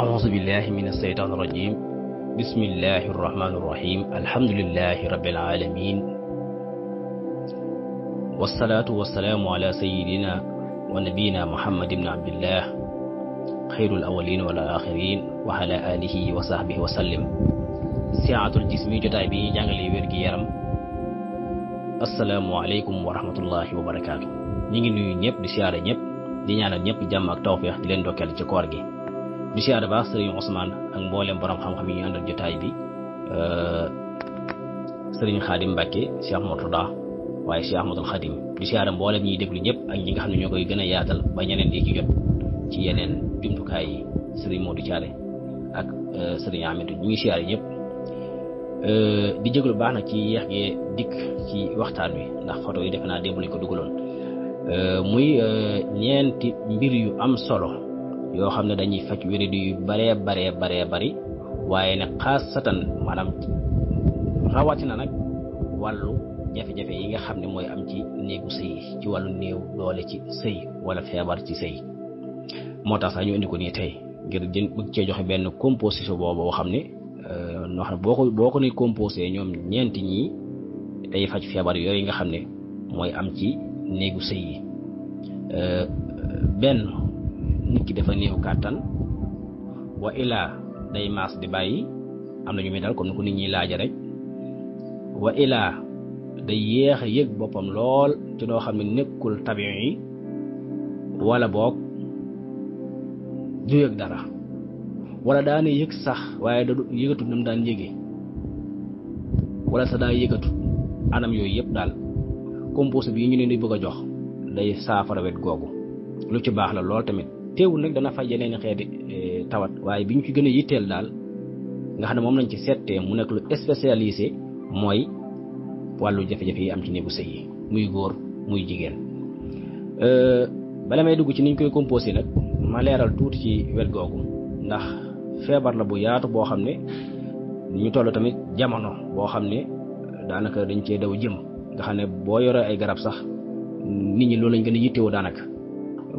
أعوذ بالله من الشيطان الرجيم بسم الله الرحمن الرحيم الحمد لله رب العالمين والصلاة والسلام على سيدنا ونبينا محمد بن عبد الله خير الأولين والآخرين وعلى آله وصحبه وسلم ساعة الجسم جداي جانغلي ويرغي يرم السلام عليكم ورحمة الله وبركاته نيغي نيب دي نيب di ñaanal ñëpp jàmm ak tawféex di leen dokkeel ci koor gi di siyaare baax sëriñ Ousmane ak mboolem borom xam-xam yi ñu àndal jotaay bi euh, sëriñ Xaadim Mbàkke Cheikh Mourtada waaye Cheikh Ahmadul Xaadim di siyaare mboolem ñiy déglu ñëpp ak ñi nga xam ne ñoo koy gën a yaatal ba ñeneen di ci jot ci yeneen jumtukaay yi moo du Thiaré ak euh, sëriñ Amidou ñu ngi siyaare ñëpp euh, di jéglu baax nag ci yeex gee dikk ci waxtaan wi ndax photo yi defe naa démb lañ ko dugaloon Euh, muy euh, ñeenti mbir yu am solo yoo xam ne dañuy faj wéradi yu baree baree baree bari waaye nag xaasatan maanaam rawatina nag wàllu jafe-jafe yi nga xam ne mooy am ci néegu sëy ci wàllu néew doole ci sëy wala feebar ci sëy moo tax sax ñu indi ko nii tey ngir jën cee joxe benn composition boobu boo xam ne euh, noo xam ne boo ko boo ko composé ñoom ñeenti ñii day faj feebar yooyu nga xam ne mooy am ci néegu sëy yi euh, benn nit ki dafa néew kàttan wa ilaa day maas di bàyyi am na ñu muy dal comme ni ko nit ñiy laaja rek wa ilaa day yéex a yëg boppam lool ci loo xam ne nekkul tabiyon yi wala boog du yëg dara wala daana yëg sax waaye da yëgatut nam daan yëge wala sa daa yëgatut anam yooyu yëpp daal composé bi ñu leen di bëgg a jox day saafara wet googu lu ci baax la lool tamit teewul nag dana faj yeneen xeeti eh, tawat waaye bi ñu ci gën a yitteel daal nga xam ne moom lañ ci settee mu nekk lu spécialisé mooy wàllu jafe-jafe yi am ci néegu sëy yi muy góor muy jigéen euh, bala may dugg ci niñ koy composé nag ma leeral tuuti ci wet googu ndax feebar la bu yaatu boo xam ne ñu toll tamit jamono boo xam ne daanaka dañ cee daw jëm nga xamne bo boo ay garab sax nit ñi loolu lañu gëna a yittewoo daanaka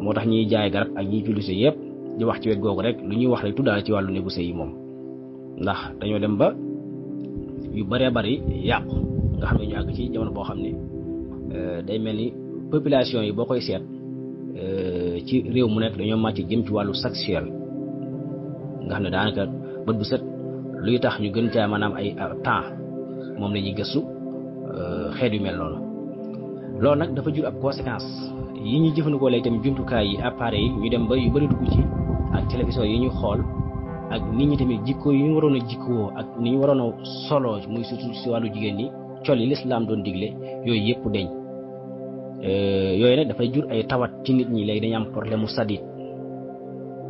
motax ñi jaay garab ak ñi julli si yépp di wax ci wét googu rek lu ñuy wax rek tudda ci walu negu sey mom ndax dañu dem ba yu bare bari yaq nga xamne ñu ag ci jamono bo xamne euh day melni population yi bokoy sét euh ci réew mu nekk dañoo màcc jëm ci walu sexuel nga xamne ne daanaka bët bu set luy tax ñu gën ci manam ay temps mom lañuy gëssu Euh, xeet yu mel noonu loolu nag dafa jur ab conséquence yi ñuy jëfandikoo lay tamit jumtukaay yi appareil yi ñu dem ba yu bëri dugg ci ak télévision yi ñu xool ak nit ñi tamit jikkoo yi ñu waroon a jikkoo ak ni ñu waroon a soloo muy surtout si wàllu jigéen ñi col yi lislaam doon digle yooyu yëpp deñ euh, yooyu ne dafay jur ay tawat ci nit ñi léegi dañu am problème mu sadit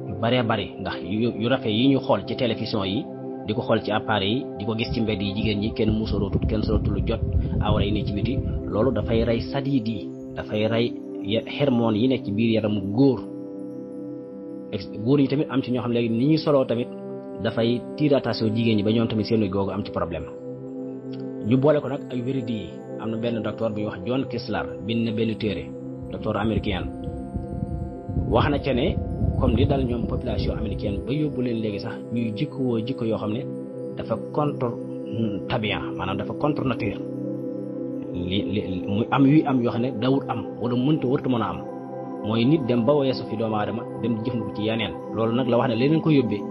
yu baree bari ndax yu rafet yi ñuy xool ci télévision yi di ko xool ci appare yi di ko gis ci mbedd yi jigéen ñi kenn musorootut kenn sorootul jot awra yi ne ci biti loolu dafay rey sadiid yi dafay rey ya, hormone yi nekk ci biir yaram góor góor yi tamit am ci ñoo xam léegi ni ñuy soloo tamit dafay tiratation jigéen ñi ba ñoom tamit seen googu am ci problème ñu boole ko nag ay wéridi yi am na benn docteur bu ñuy wax john kislar bind na benn téere docteur américain wax na ca ne comme li dal ñoom population américaine ba yóbbu leen léegi sax ñuy jikkowoo jikko yoo xam ne dafa contre tabian maanaam dafa contre nature li li muy am yuy am yoo xam ne dawut am wala mënta warta mën a am mooy nit dem ba weesu fi doomu aadama dem di jëfandiku ci yeneen loolu nag la wax ne leneen ko yóbbee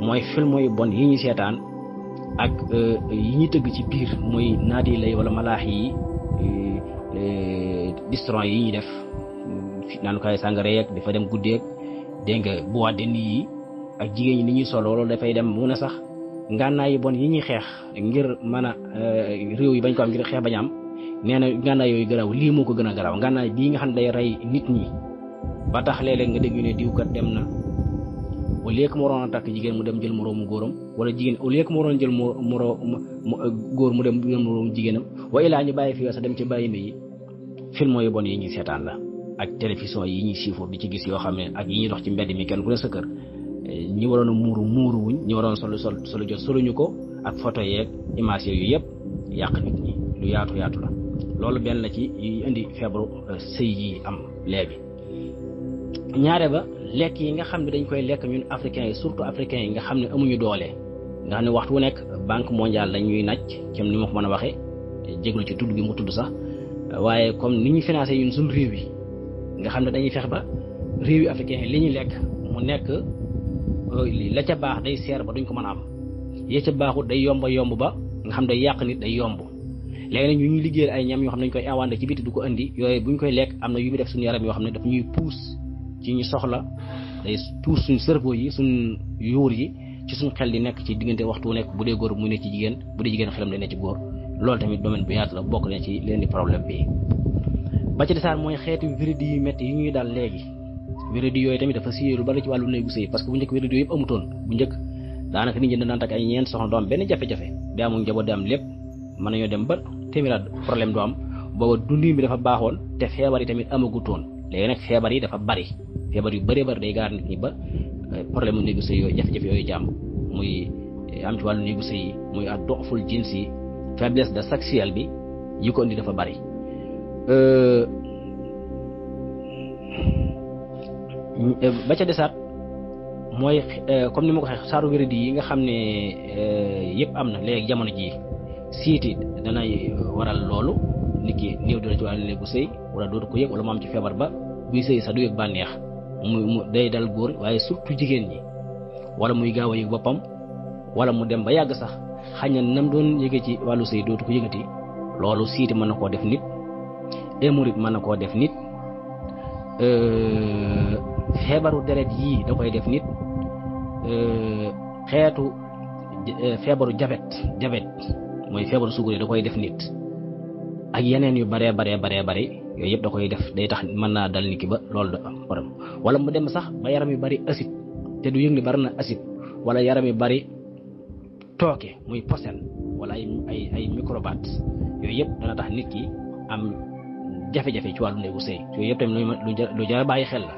mooy film yu bon yi ñuy seetaan ak euh, yi ñuy tëgg ci biir mooy muy naadi lay wala malaax yi euh, euh, distron yi ñuy def naanukaay kaay sàngara dafa dem guddeeg dégg nga bois de yi ak jigéen ñi ni ñuy solo loolu dafay dem mun a sax ngànnaay yu bon yi ñuy xeex ngir mën a euh, réew yi bañ ko am ngir xeex bañ am nee na ngànnaay yooyu garaaw lii moo ko gën a garaw ngànnaay bii nga xam ne day rey nit ñi ba tax léeg nga dégg ñu ne diwkat dem na au lieu que mu takk jigéen mu dem jël moroomu góoram wala jigéen au lieu que mu waroon jël mu euh, góor mu dem jël moroomu jigéenam wa laa ñu bàyyi fi sax dem ci bàyyi yi film yu bon yi ñuy seetaan la. ak télévision yi ñu siifur di ci gis yoo xam ne ak yi ñuy dox ci mbedd mi kenn ku ne sa kër ñi waroon a muuru muuru ñi waroon solu sol solu jot soluñu ko ak photo yeeg image yooyu yëpp yàq nit ñi la loolu benn la ci indi feebaru euh, sëy yi am léegi ñaare ba lekk yi nga xam ne dañ koy lekk ñun africains yi surtout africains yi nga xam ne amuñu doole nga xam ne waxtu wu nekk banque mondiale la ñuy naj comme ni ma ko mën a waxee jéglu ci tudd gi mu tudd sax waaye comme ni ñu financé ñun suñu réew yi nga xam ne dañuy fex ba réew yi africain li ñuy lekk mu nekk euh, la ca baax day seer ba duñ ko mën a am ya ca baaxut day yomba yomb ba nga xam day yàq nit day yomb léegi nag ñu ñu liggéeyal ay ñam yoo xam ne dañ koy awande ci biti du ko indi yooyu bu koy lekk am na yu mu def suñu yoo xam ne daf ñuy puus ci ñu soxla day puus suñ cerveau yi suñu yuur yi ci suñu xel di nekk ci diggante waxtu nekk bu dee góor muy ne ci jigéen bu dee jigéen xelam day ne ci góor loolu tamit domaine bu yaatu la bokk ne ci leen di problème bi ba ci desaan mooy xeetu wéradi yu métti yi ñuy daal léegi wéradi yooyu tamit dafa siiwee lu bari ci wàllu néegu sëy parce que bu njëkk wéradi yooyu yëpp amutoon bu njëkk daanaka nit ñi daan takk ay ñeent soxna du am benn jafe-jafe bi amul njaboot di lépp mën nañoo dem ba téeméeraat problème du am booba dundin bi dafa baaxoon te feebar yi tamit amagutoon léegi nag feebar yi dafa bari feebar yu bëree bari day gaar nit ñi ba euh, problème mu néegu sëy yooyu jafe-jafe yooyu jàmm muy euh, am ci wàllu néegu sëy yi muy ak doxful jinsi faiblesse de sexuelle bi yi ko indi dafa bari Euh, euh, ba ca desaat mooy euh, comme ni ma ko waxee saaru wéradi yi nga xam ne yëpp am na léegi jamono jii siiti danay waral loolu nit ki néew dina ci wàllu léegu sëy wala dootu ko yëg wala mu am ci feebar ba buy sëy sax du yëg bànneex mu mu day dal góor waaye surtout jigéen ñi wala muy gaaw a yëg boppam wala mu dem ba yàgg sax xañ na nam doon yëge ci wàllu sëy dootu ko yëgati loolu siiti mën na koo def nit et murit mën na koo def nit euh, feebaru deret yii da koy def nit euh, xeetu euh, feebaru jabet jabet mooy feebaru sugure da koy def nit ak yeneen yu baree baree baree bari yooyu yëpp da koy def day tax mën naa dal nit ki ba loolu da am wala mu dem sax ba yaram yu bari acide te du yëg ni bari na acide wala yaram yu bari tooke muy posen wala ay microbate yooyu yëpp dana tax nit ki am jafé jafé ci wàllu néegu sey yooyu yep tam lu jara baye xel la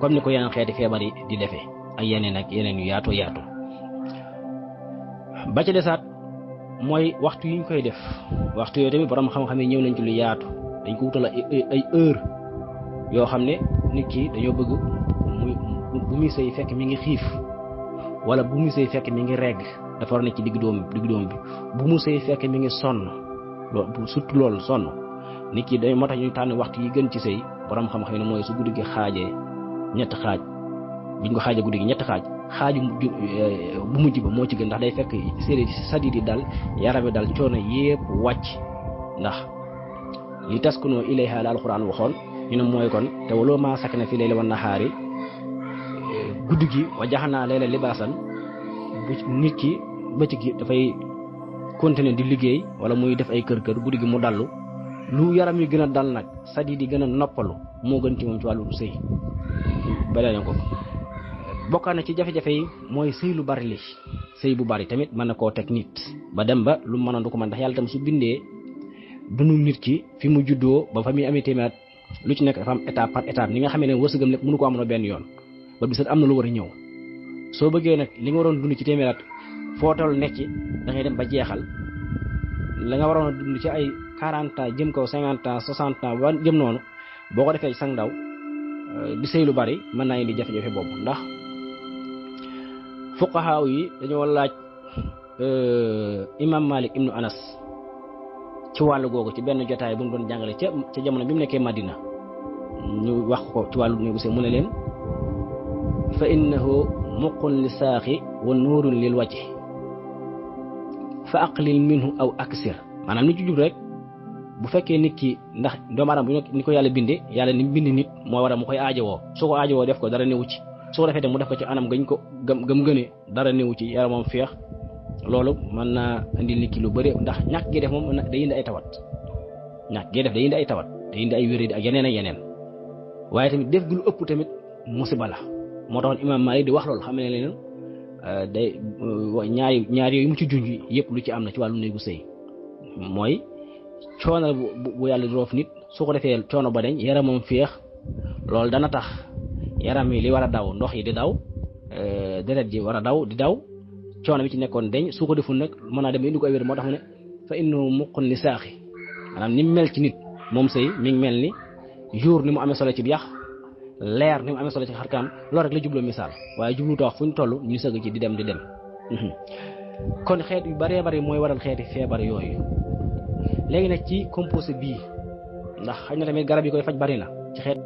comme niko ko xéti xeeti di defee ay yeneen ak yeneen yu yaatoo yaatu ba ci dessat moy waxtu yiñ koy def waxtu yo tamit borom xam xamé ñew ñëw nañ ci lu yaatu dañ ko wutal ay heure yo xamné nit ki dañu bëgg muy bu muy sey fekk mi ngi xif wala bu mu sey fekk mi ngi reg dafa war ne ci digg doom digg doom bi bu mu sey fekk mi ngi sonn bu sutu lol sonn nit ki day moo tax ñu tànn waxtu yi gën ci sëy borom xam-xam ne mooy su guddi gi xaajee ñetti xaaj biñ ko xaajee guddi gi ñetti xaaj xaaju eh, bu mujj ba moo ci gën ndax day fekk séeréer sadid yi dal yaram yi dal coono yépp wàcc ndax li taskunoo ilayha la alquran waxoon ñu ne mooy kon te waloo maa sakna fi layli wan nahaari eh, guddi gi wa jax naa layla libaasan bu nit ki bëccëg gi dafay continuer di liggéey wala muy def ay kër kër guddi gi mu dallu lu yaram yi gëna dal nak sadi di gëna noppalu mo gën ci mom ci wàllu sëy bala ko bokkaan na ci jafé jafé yi moy sey lu bari li sey bu bari tamit man na tek nit ba dem ba lu mënoon du ko mën ndax yalla tam su bindee dunu nit ci fi mu juddo ba fami amé témat lu ci nek fam état par état ni nga xamé né lepp mënu ko ben yoon ba bisat na lu wara ñëw so bëggé nak li nga waron dund ci nekk da ngay dem ba jéxal la nga waron dund ci ay 40 ans jëm kaw 50 ans 60 ans ba boo ko defee sang ndaw euh, di sëy lu bari mën naa indi jafe-jafe boobu ndax fuqahaa yi dañoo laaj euh, imam Malik ibnu Anas ci wàllu googu ci benn jotaay bu mu doon jàngale ca ca jamono bi mu nekkee Madina ñu wax ko ci wàllu néegu sëy mu ne leen fa innahu muqun li saaxi wa nuurun lil wajhi fa aqlil minhu aw aksir maanaam ni ci jub rek bu fekkee nit ki ndax doomu aadama bu ni ko yàlla bindee yàlla ni bind nit moo war waral mu koy aajowoo su ko aajowoo def ko dara newu ci su ko defee mu def ko ci anam gañ ko gëm gëm gënee dara newu ci yaramam feex loolu mën naa indi nit ki lu bëri ndax ñàkk gi def moom day ay tawat ñàkk gi def ay tawat day indi ak yeneen yeneen waaye tamit def gi ëpp tamit musiba la moo taxoon imaam di wax loolu xam ne leen euh, day euh, ñaari ñaari yooyu mu ci yëpp lu ci am na ci wàllu néegu sëy mooy coono bu bu yàlla di roof nit su ko defee coono ba dañ yaramam féex loolu dana tax yaram yi li war a daw ndox yi di daw euh, deret ji war a daw di daw coono bi ci nekkoon dañ su ko deful nag mën naa dem indi ko ay moo tax mu ne fa innahu muqun li saaxi ni mu mel ci moom sëy mi ngi mel ni jour ni mu amee solo ci yax leer ni mu amee solo ci xarkaan loolu rek la jublu misaal waaye jublu tax fu ñu toll ñu sëgg ci di dem di dem kon xeet yu baree bari mooy waral xeeti feebar yooyu léegi nag ci composé bi ndax xëy na tamit garab yi koy faj bari na ci xeet